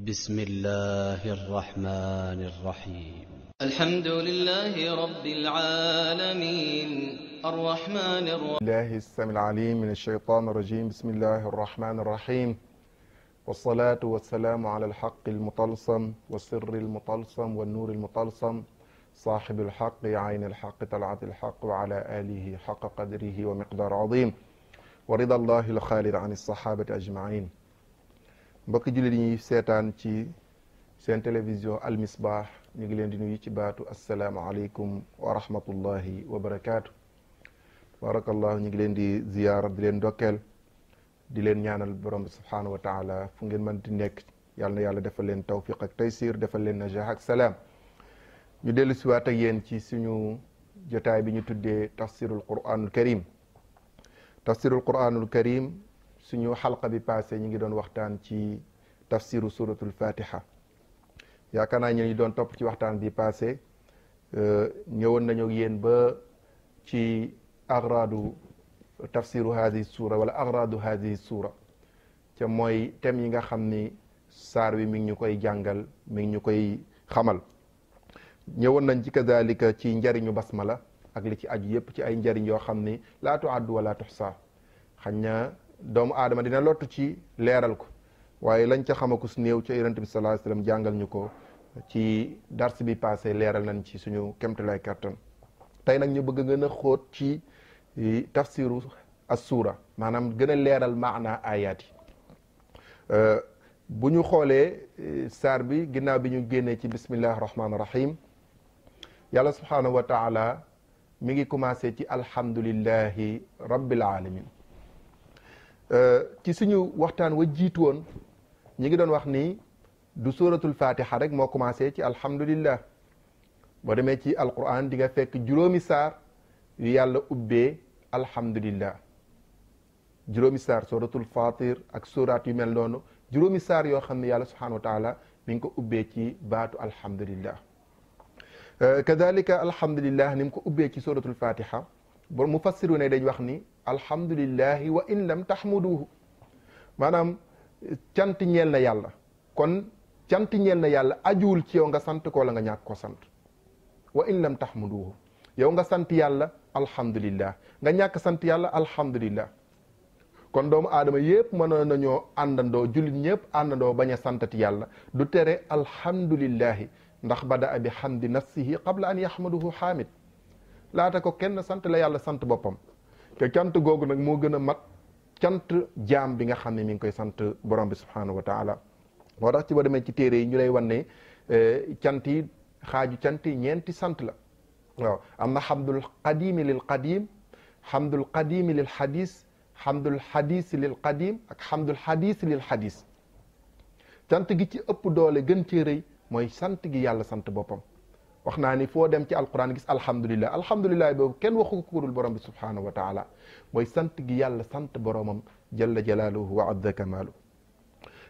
بسم الله الرحمن الرحيم الحمد لله رب العالمين الرحمن الرحيم الله السمع العليم من الشيطان الرجيم بسم الله الرحمن الرحيم والصلاة والسلام على الحق المطلسم والسر المطلسم والنور المطلسم صاحب الحق عين الحق طلعة الحق وعلى آله حق قدره ومقدار عظيم ورضا الله الخالد عن الصحابة أجمعين mbokk julit ñi seetaan ci seen télévision Al Misbah ñu ngi leen di nuyu ci baatu alaykum wa rahmatullahi wa barakaatu. barakallahu ñu ngi leen di ziyaara di leen dokkeel di leen ñaanal borom subhanahu wa taala fu ngeen mën di nekk yàlla na yàlla defal leen tawfiq ak taysir defal leen najaax ak salaam. ñu dellu waat ak yéen ci suñu jotaay bi ñu tuddee tafsirul quranul karim tafsirul quranul karim suñu xalqa bi passé ñu ngi doon waxtaan ci tafsiru suratul fatiha yaakaar naa ñu doon topp ci waxtaan bi passé euh, ñëwoon nañu yéen ba ci agradu tafsiru hadihi suura wala agradu hadihi suura ca mooy thème yi nga xam ni saar wi mi ngi ñu koy jàngal mi ngi ñu koy xamal ñëwoon nañ ci kazalika ci njariñu basmala ak li ci aju yépp ci ay njariñ yoo xam ni laa tuaddu wala tuxsa xañ na doomu aadama dina lottu ci leeral ko waaye lañ ca xamakus néew ci yonent bi sallallahu alayhi wasallam jàngal ñu ko ci dars bi passé leeral nañ ci suñu kemtulaay kattan tey nag ñu bëgg a gën a xóot ci e, tafsiru as-suura maanaam gën a leeral maanaa ayaat yi e, bu ñu xoolee e, saar bi ginnaaw bi ñu génnee ci bismillahi rahmaani rahim yàlla subhaanahu wa taala mi ngi commencé ci alhamdulillahi rabbil alamin ci suñu waxtaan wa jiitu woon ñi ngi doon wax ni du suratul fatiha rek moo commencé ci alhamdulillah boo demee ci alquran di nga fekk juróomi saar yu yàlla ubbee alhamdulillah juróomi saar suratul fatir ak surat yu mel noonu juróomi saar yoo xam ne yàlla subhanahu wa taala mi ngi ko ubbee ci baatu alhamdulillah kadalika alhamdulillah ni mu ko ubbee ci suratul fatiha ba mu fassiru ne dañ wax ni alhamdulillahi wa in lam tahmuduhu maanaam cant ñeel na yàlla kon cant ñeel na yàlla ajuwul ci yow nga sant ko la nga ñàkk ko sant wa in lam tahmuduhu yow nga sant yàlla alhamdulillah nga ñàkk sant yàlla alhamdulillah kon doomu aadama yëpp mënoon nañoo àndandoo jullit ñëpp àndandoo bañ a yàlla du tere alhamdulillahi ndax bada bi hamdi nafsihi qabla an yahmaduhu xaamid laata ko kenn sant la yàlla sant boppam te cant googu nag moo gën a mat cant jaam bi nga xam ne mi ngi koy sant borom bi subhanahu wa taala moo tax ci ba demee ci téere yi ñu lay wan ne eh, cant xaaju cant yi ñeenti sant la waaw am na xamdul qadimi lil qadim xamdul qadimi lil xadis xamdul xadis lil qadim ak xamdul xadis lil xadis cant gi ci ëpp doole gën cee rëy mooy sant gi yàlla sant boppam wax naa ni foo dem ci alquran gis alhamdulilah boobu kenn waxu ko ku dul borom bi subhaanahu wa taala mooy sant gi yàlla sant boromam jalla jalaaluhu wa azza kamaalu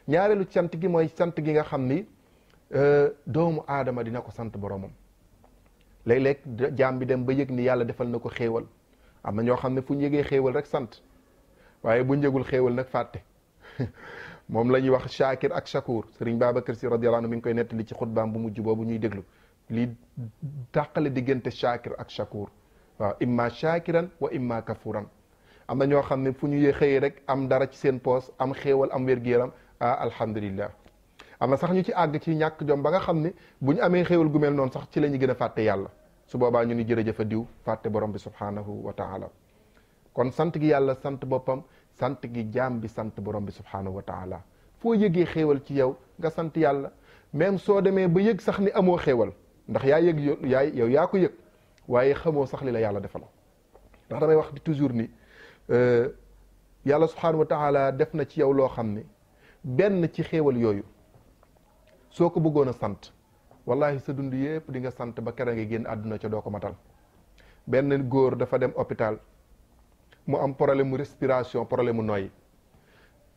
ñaareelu sant gi mooy sant gi nga xam ni euh, doomu aadama dina ko sant boromam léeg-léeg jaam bi dem ba yëg ni yàlla defal na ko xéewal am na ñoo xam ne fu ñu yëgee xéewal rek sant waaye bu ñu yëgul xéewal nag fàtte moom la ñuy wax Shakir ak Shakur Serigne Babacar Sy radiyallahu anhu mi ngi koy nettali ci xutbaam bu mujj boobu ñuy déglu li dàqale diggante shakir ak shakur waaw imma shakiran wa imma kafuran am na ñoo xam ne fu ñu xëyee rek am dara ci seen poos am xéewal am wér yaram ah alhamdulillah am na sax ñu ci àgg ci ñàkk jom ba nga xam ne bu ñu amee xéewal gu mel noonu sax ci la ñu gën a fàtte yàlla su boobaa ñu ni jërëjëf a diw fàtte borom bi subhanahu wa taala kon sant gi yàlla sant boppam sant gi jaam bi sant borom bi subhanahu wa taala foo yëgee xéewal ci yow nga sant yàlla même soo demee ba yëg sax ni amoo xéewal ndax yaa yëg yaa yow yaa ko yëg waaye xamoo sax li la yàlla defal ndax damay wax toujours ni euh, yàlla subhanahu wa taala def na ci yow loo xam ne benn ci xéewal yooyu soo ko bëggoon a sant wallahi sa dund yépp di nga sant ba kera nga génn àdduna ca doo ko matal benn góor dafa dem hôpital mu am problème mu respiration problème mu noyyi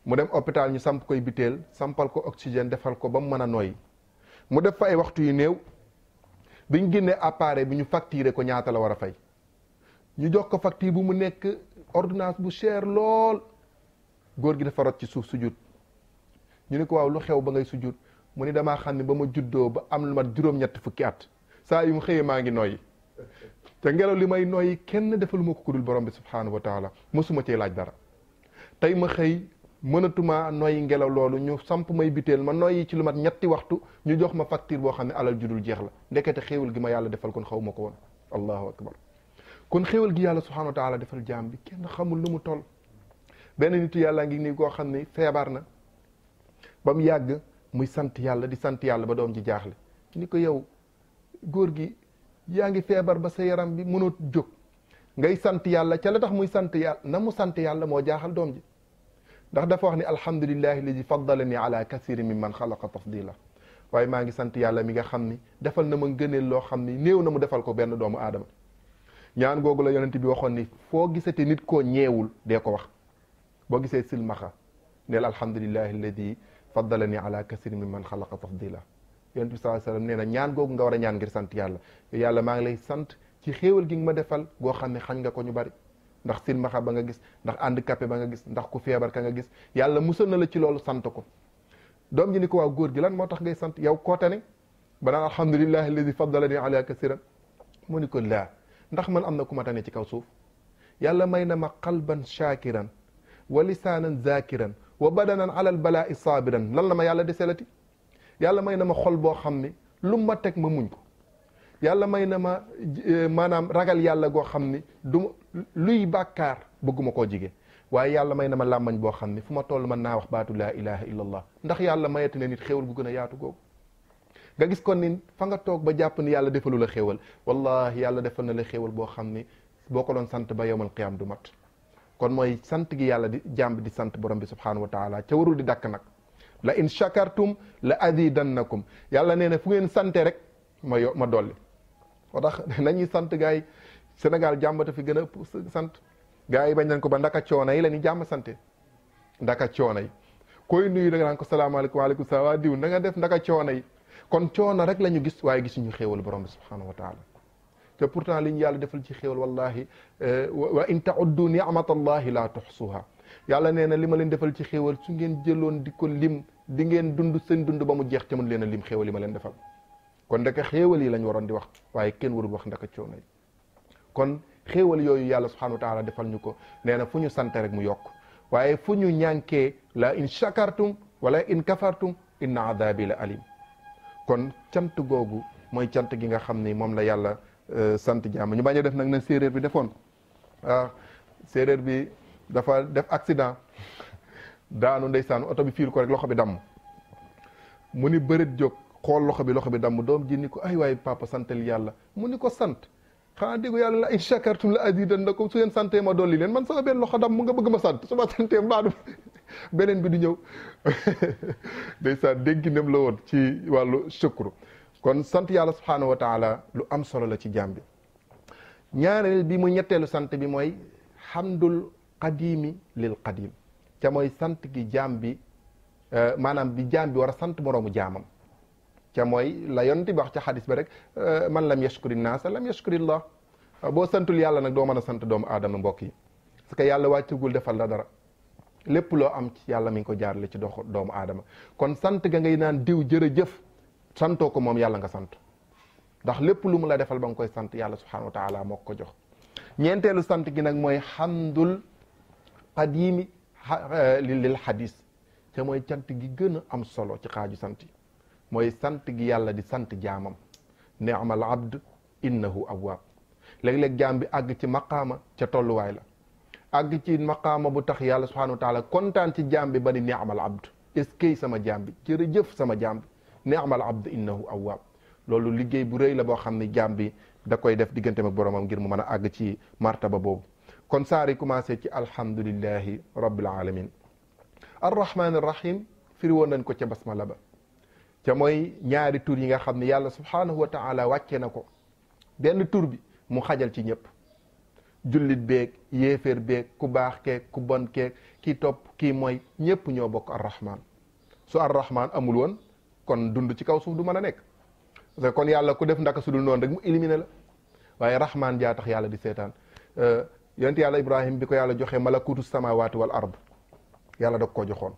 mu dem hôpital ñu samp koy biteel sampal ko oxygène defal ko ba mu mën a noyyi mu def fa ay waxtu yu néew biñu génné appareil bi ñu facturé ko ñaata la war a fay ñu jox ko facture bu mu nekk ordonnance bu cher lool góor gi dafa rot ci suuf sujud ñu ne ko waaw lu xew ba ngay sujud mu ni dama xam ne ba ma juddoo ba am lu mat juróom-ñett fukki at saa yu mu xëyee maa ngi nooyi te ngelaw li may nooyi kenn defaluma ko ku dul borom bi subhanahu wa taala mosuma cee laaj dara tey ma xëy mënatuma noyyi ngelaw loolu ñu samp may biteel ma noyyi ci lu mat ñetti waxtu ñu jox ma facture boo xam ne alal judul jeex la ndekete xéewal gi ma yàlla defal kon xaw ma ko woon allahu akbar kon xéewal gi yàlla subhanahu wa defal jaam bi kenn xamul lu mu toll benn nitu yàlla ngi nii koo xam ne feebar na ba mu yàgg muy sant yàlla di sant yàlla ba doom ji jaaxle ni ko yow góor gi yaa ngi feebar ba sa yaram bi mënoo jóg ngay sant yàlla ca la tax muy sant yàlla na mu sant yàlla moo jaaxal doom ji ndax dafa wax ni alhamdulillahi ladi faddalani ala kasiri min man xalaqa tafdila waaye maa ngi sant yàlla mi nga xam ni defal na ma ngëneel loo xam ni néew na mu defal ko benn doomu aadama ñaan googu la yonent bi waxoon ni foo te nit koo ñeewul dee ko wax boo gisee silmaxa neel alhamdulillahi alladi faddalani ala kasiri min man xalaqa tafdila yonent bi sallallahu alayhi wasallam nee na ñaan googu nga war a ñaan ngir sant yàlla yàlla maa ngi lay sant ci xéewal gi nga ma defal goo xam ne xañ nga ko ñu bari ndax silmaxa ba nga gis ndax handicapé ba nga gis ndax ku feebar ka nga gis yàlla musal na la ci loolu sant ko doom ji ni ko waaw góor gi lan moo tax ngay sant yow kootane ba naan alhamdulillahi alladi faddalani ala kasiran mu ni ko laa ndax man am na ku ma ci kaw suuf yàlla may na ma qalban shakiran wa lisaanan zakiran wa badanan ala balaa balaa'i saabiran lan la ma yàlla deselati yàlla may na ma xol boo xam ne lu ma teg ma muñ ko yàlla may na ma eh, maanaam ragal yàlla goo xam ni du luy bàkkaar bëgguma koo jige waaye yàlla may na ma làmmañ boo xam ni fu ma toll mën naa wax baatu laa ilaha illa ndax yàlla mayati na nit xewal gu gën a yaatu googu nga gis kon ni fa nga toog ba jàpp ni yàlla defalu la xéwal wallahi yàlla defal na la xéwal boo xam ni boo ko doon sant ba yowmal qiyaam du mat kon mooy sant gi yàlla di jàmb di sant borom bi subhanahu wa taala ca warul di dakk nag la in shakartum la azidannakum yàlla nee na fu ngeen sante rek ma ma dolli moo tax nañuy sant gars yi Sénégal jàmbata fi gën a sant gars yi bañ nañ ko ba ndaka coona yi la ñuy jàmm sante ndaka coona yi koy nuyu da nga naan ko salaamaaleykum waa diw na nga def ndaka coona yi kon coona rek la ñu gis waaye gisuñu xéewal borom bi subhanahu wa taala te pourtant li ñu yàlla defal ci xéewal wallahi eh, wa in tauddu niamatallahi laa tuxsuha yàlla nee na li ma leen defal ci xéewal su ngeen jëloon di ko lim di ngeen dund seen dund ba mu jeex te mën leen a lim xewal li ma leen defal kon ndaka xéewal yi lañu waroon di wax waaye kenn warul wax ndaka coono yi kon xéewal yooyu yàlla subhanahu wa taala defal ñu ko nee na fu ñu sante rek mu yokk waaye fu ñu ñànkee la in shakartum wala in kafartum inna adabi la alim kon cant googu mooy cant gi nga xam ni moom la yàlla euh, sant jaam ñu bañ a def nag na séeréer bi defoon ah séeréer bi dafa def accident daanu ndeysaan oto bi fiir ko rek loxo bi damm mu ni bërit jóg xool loxo bi loxo bi damm doom ji ni ko ay waay papa santal yàlla mu ni ko sant xanaa déggu yàlla la in shakartum la azidannakum su ngeen santee ma dolli leen man sama benn loxo damm mu nga bëgg ma sant su ma santee mbaadu beneen bi du ñëw ndeysaan la woon ci wàllu shukru kon sant yàlla subhaanahu wa lu am solo la ci jaam bi ñaareel bi mu ñetteelu sant bi mooy hamdul qadimi lil qadim ca mooy sant gi jaam bi eh, maanaam bi jaam bi war a sant moroomu jaamam كموي لا يونتي بخ تي حديث برك آه، من لم يشكر الناس لم يشكر الله آه، بو سنتول يالا نك دو مانا سنت دوم ادم مبوكي سكا يالا واتيغول ديفال دارا لپ لو ام تي يالا مينكو جار لي تي دوخ دوم ادم كون سنت غاغي نان ديو جيره جيف سانتو كو موم يالا غا سانت داخ لپ لوم لا ديفال بانك كوي سبحانه وتعالى موكو جوخ نينتلو سانت غي نك موي حمدول قديم آه، للحديث تي موي تانت ام سولو تي خاجو mooy sant gi yàlla di sant jaamam ni'mal abd innahu awwaab léeg-léeg jaam bi àgg ci maqaama ca tolluwaay la àgg ci maqaama bu tax yàlla subhanahu wa taala kontaan ci jaam bi ba ni ni'mal abd est-ce que sama jaam bi jërëjëf sama jaam bi ni'mal abd innahu awwaab loolu liggéey bu rëy la boo xam ne jaam bi da koy def digganteem ak boromam ngir mu mën a àgg ci martaba boobu kon saar yi commencé ci alhamdulillahi rabbil alamin arrahmani rahim firi woon nañ ko ca basmala ba ca mooy ñaari tur yi nga xam ne yàlla subhaanahu wa taala wàcce na ko benn tur bi mu xajal ci ñëpp jullit beeg yéeféer beeg ku baax keek ku bon keeg kii topp kii mooy ñëpp ñoo bokk arrahman su arrahman amul woon kon dund ci kaw suuf du mën a nekk parce que kon yàlla ku def ndaka dul noonu rek mu éliminé la waaye rahman jaa tax yàlla di seetaan euh, yonent yàlla ibrahim bi ko yàlla joxee malakutu samawaati wal arab yàlla da koo joxoon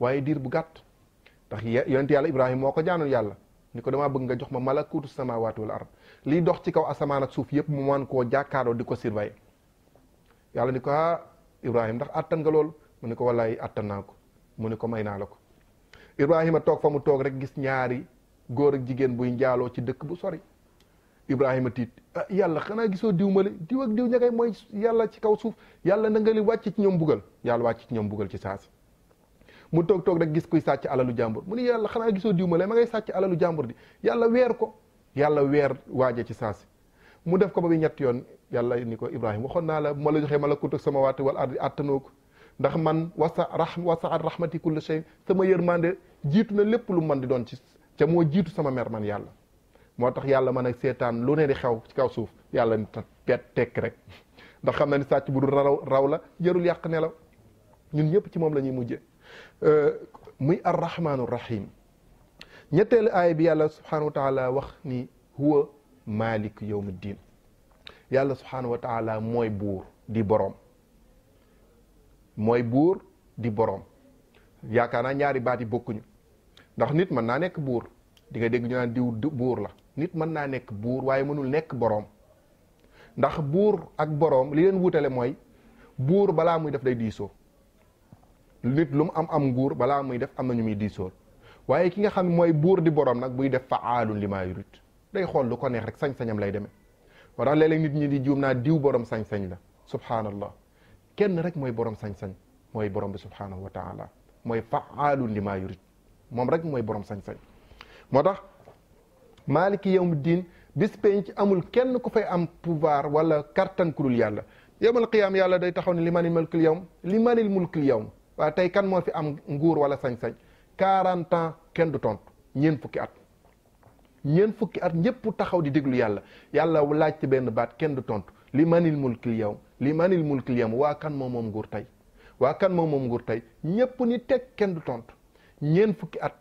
waaye diir ndax yonent yàlla ibrahima moo ko jaanoon yàlla ni ko damaa bëgg nga jox ma malakuutu samawaati wal ard liy dox ci kaw asamaan ak suuf yëpp mu man koo jàkkaaroo di ko surveiller yàlla ni ko ah ibrahima ndax àttan nga loolu mu ne ko wallaay àttan naa ko mu ne ko may naa la ko ibrahima toog fa mu toog rek gis ñaari góor ak jigéen buy njaaloo ci dëkk bu sori ibrahima tiit ah yàlla xanaa gisoo diw male diw ak diw ña kay mooy yàlla ci kaw suuf yàlla na nga li wàcc ci ñoom bugal yàlla ci ñoom bugal ci saasi mu toog toog rek gis kuy sàcc alalu jàmbur mu ni yàlla xanaa gisoo diw ma lay ma ngay sàcc alalu jàmbur di yàlla weer ko yàlla weer waaje ci saasi mu def ko ba bi ñett yoon yàlla ni ko Ibrahima waxoon naa la ma la joxee malakut ak sama waati wal ardi àttanoo ko ndax man wasa rahm wasaat rahmati kulli shay sama yërmande jiitu na lépp lu man di doon ci ca moo jiitu sama mer man yàlla moo tax yàlla mën a seetaan lu ne di xew ci kaw suuf yàlla ni pet tekk rek ndax xam na ni sàcc bu dul raw la jërul yàq nelaw ñun ñëpp ci moom la ñuy mujjee Euh, muy arrahmaanu rahim ñetteelu aaya bi yàlla subhanahu wa wax ni huwa malik yawmi diin yàlla subhanahu wa mooy buur di boroom mooy buur di boroom yaakaar naa ñaari baat yi bokkuñu ndax nit mën naa nekk buur di nga dégg ñu naan diw buur la nit mën naa nekk buur waaye mënul nekk boroom ndax buur ak boroom li leen wuutale mooy buur balaa muy def day diisoo nit lu mu am am nguur bala muy def amna na ñu muy diisool waye ki nga xam moy bour di borom nak buy def faalun lima yurid day xol lu ko neex rek sañ-sañam lay deme wa tax leeg nit ñi di juum naa diw borom sañ-sañ la subhanallah kenn rek moy borom sañ-sañ moy borom bi subhanahu wa taala moy faalun lima yurid mom rek moy borom sañ-sañ motax maliki yawmuddin yawmi diin bis penc amul kenn ku fay am pouvoir wala kartan kulul yàlla yawmal qiyaam yàlla day taxaw ne limanil mulkil yawm limanil mulkil yawm waaye tey kan moo fi am nguur wala sañ-sañ 40 ans kenn du tontu ñeent fukki at ñeent fukki at ñëpp taxaw di déglu yàlla yàlla laaj ci benn baat kenn du tontu li manil mulkil yow li manil mulkil yow waa kan moom moom tey waa kan moom moom nguur tey ñëpp ni teg kenn du tontu ñeent fukki at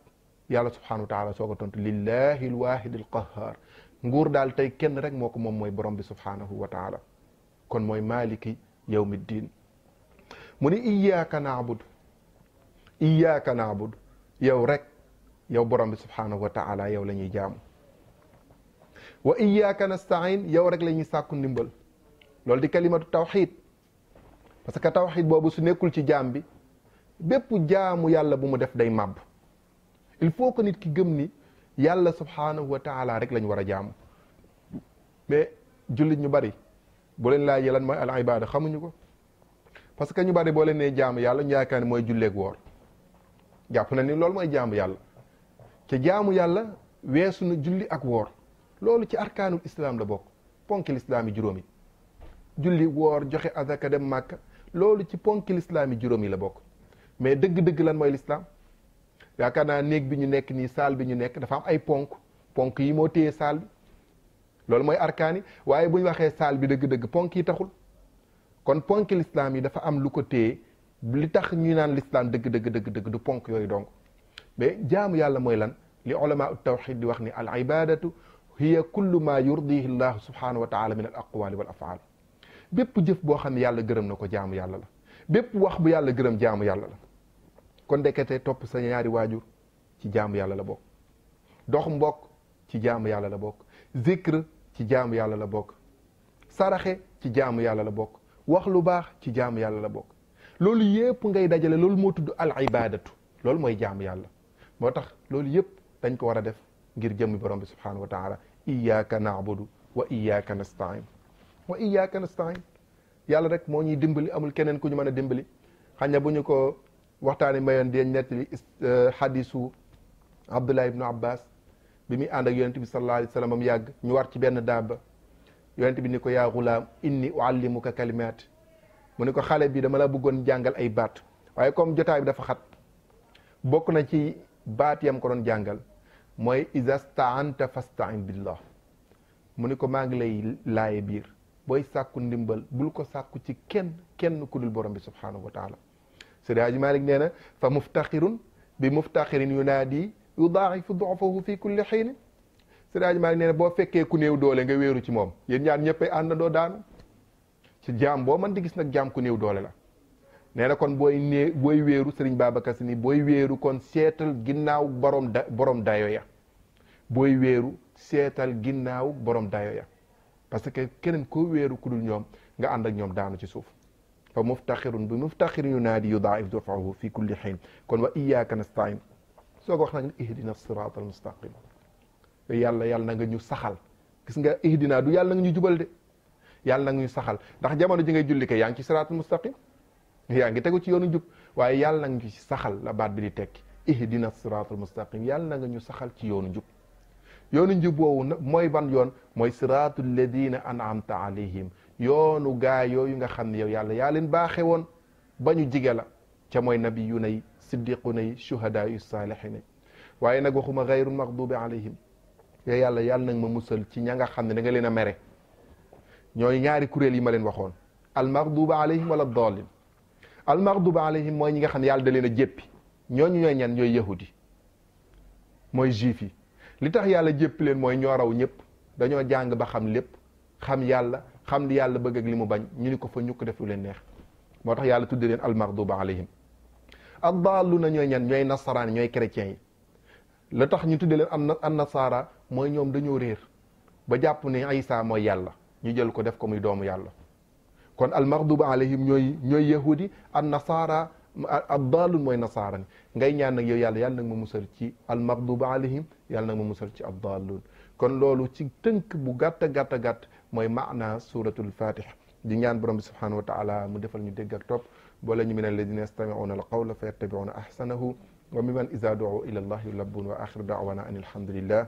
yàlla subhanahu wa taala soo ko tontu lillahi lwahid al qahar nguur daal tey kenn rek moo ko moom mooy borom bi subhanahu wa taala kon mooy maliki yawmi ddin mu ni iyaaka naabud iyaaka naabud yow rek yow borom bi subhaanahu wa taala yow la ñuy jaamu wa iyaaka nastain yow rek la ñuy sàkku ndimbal loolu di kalimatu tawxid parce que tawxid boobu su nekkul ci jaam bi bépp jaamu yàlla bu mu def day màbb il faut que nit ki gëm ni yàlla subhaanahu wa taala rek lañu war a jaamu mais jullit ñu bari bu leen laajee lan mooy al ibada xamuñu ko parce que ñu bari boole leen nee jaamu yàlla ñu yaakaar ne mooy julleeg woor jàpp na ni loolu mooy jaamu yàlla te jaamu yàlla weesu na julli ak woor loolu ci arkaanul islaam la bokk ponki lislaam yi juróom yi julli woor joxe azaka dem loolu ci ponki lislaam yi juróom la bokk mais dëgg-dëgg lan mooy lislaam yaakaar naa néeg bi ñu nekk nii saal bi ñu nekk dafa am ay ponk ponk yi moo téye saal bi loolu mooy arkaani yi waaye bu ñu waxee saal bi dëgg-dëgg ponk yi taxul kon ponk lislaam yi dafa am lu ko téye li tax ñu naan lislaam dëgg dëgg dëgg dëgg du ponk yooyu donc mais jaamu yàlla mooy lan li ulama tawxid di wax ni al ibadatu hiya kullu ma yurdihi llahu subhanahu wa taala min al aqwali wal afaal bépp jëf boo xam ne yàlla gërëm na ko jaamu yàlla la bépp wax bu yàlla gërëm jaamu yàlla la kon ndekete topp sa ñaari waajur ci jaamu yàlla la bokk dox mbokk ci jaamu yàlla la bokk zikr ci jaamu yàlla la bokk saraxe ci jaamu yàlla la bokk wax lu baax ci jaamu yàlla la bokk loolu yëpp ngay dajale loolu moo tudd al ibadatu loolu mooy jaamu yàlla moo tax loolu yëpp dañ ko war a def ngir jëmmi borom bi subhanahu wa taala iyyaka na'budu wa iyyaka nasta'in wa iyyaka nasta'in yàlla rek moo ñuy dimbali amul keneen ku ñu mën a dimbali xañ na bu ñu ko waxtaani mayoon dinañ nettali euh, hadisu Abdullah ibnu Abbas bi muy ànd ak yonente bi sallallahu alayhi wa sallam am yàgg ñu war ci benn daaba yonent bi ni ko yaa gulaam inni uallimuka kalimaat mu ni ko xale bii dama la bëggoon jàngal ay baat waaye comme jotaay bi dafa xat bokk na ci baat yam ko doon jàngal mooy iza staanta fastain billah mu ni ko maa ngi lay laaye biir booy sàkku ndimbal bul ko sàkku ci kenn kenn ku dul borom bi subhanahu wa taala Seydi Hadji Malick nee na fa muftaxirun bi muftaxirin yunaadi yudaa'ifu fu fi kulli xiin Siraj Malick nee na boo fekkee ku new doole nga wéeru ci moom yéen ñaar ñëppay àndandoo daanu ci jaam boo mën di gis nag jaam ku néew doole la nee na kon booy nee booy weeru Serigne Babacar Sy ni booy wéeru kon seetal ginnaaw borom da borom dayo ya booy weeru seetal ginnaaw borom dayo ya parce que keneen koo weeru ku ñoom nga ànd ak ñoom daanu ci suuf fa muftaxirun bi muftaxirin yunaadi yudaif durfahu fi kulli xiin kon wa na nastain soo ko wax nag ihdina siraat yàlla yàlla na nga ñu saxal gis nga ihdina du yàlla na nga ñu jubal de yàlla na nga ñu saxal ndax jamono ji ngay julli kay yaa ngi ci siraatul mustaqim yaa ngi tegu ci yoonu jub waaye yàlla na nga ñu saxal la baat bi di tekki ihdina siraatul mustaqim yàlla na nga ñu saxal ci yoonu jub yoonu njub woowu nag mooy ban yoon mooy siraatul ladina an'amta alayhim yoonu gaa yooyu nga xam ne yow yàlla yaa leen baaxe woon ba ñu jige la ca mooy nabiyuna yi siddiquna yi shuhada yu saalihina waaye nag waxuma gayru maxdubi alayhim yow yàlla yàlla nag ma musal ci ña nga xam ne da nga leen a mere ñooy ñaari kuréel yi ma leen waxoon almaghduba alayhim wala daalin almaghduba alayhim mooy ñi nga xam ne yàlla da leen a jéppi ñooñu ñooy ñan ñooy yahudi yi mooy li tax yàlla jéppi leen mooy ñoo raw ñëpp dañoo jàng ba xam lépp xam yàlla xam li yàlla bëgg ak li bañ ñu ni ko fa ñu def lu leen neex moo yàlla tudde leen almaghduba alayhim ad daaluna ñooy ñan ñooy nasaraan ñooy chrétiens yi la tax ñu tudde leen an nasara moy ñom dañu réer ba jàpp ne aïssa moy yàlla ñu jël ko def ko muy doomu yàlla kon al maghduba alayhim ñoy ñoy yahudi an nasara ab daalun mooy nasaara ngay ñaan nak yow yàlla yàlla nak mo musal ci al maghduba alayhim yàlla nak mo musal ci ab daalun kon lolu ci teunk bu gàtt gàtt gàtt moy maana suratul fatiha di ñaan borom subhanahu wa taala mu defal ñu dégg ak top bo la ñu minal la alladina yastamiuna al qawla fa yattabiuna ahsanahu wa إذا دعوا إلى الله يلبون وآخر دعوانا أن الحمد لله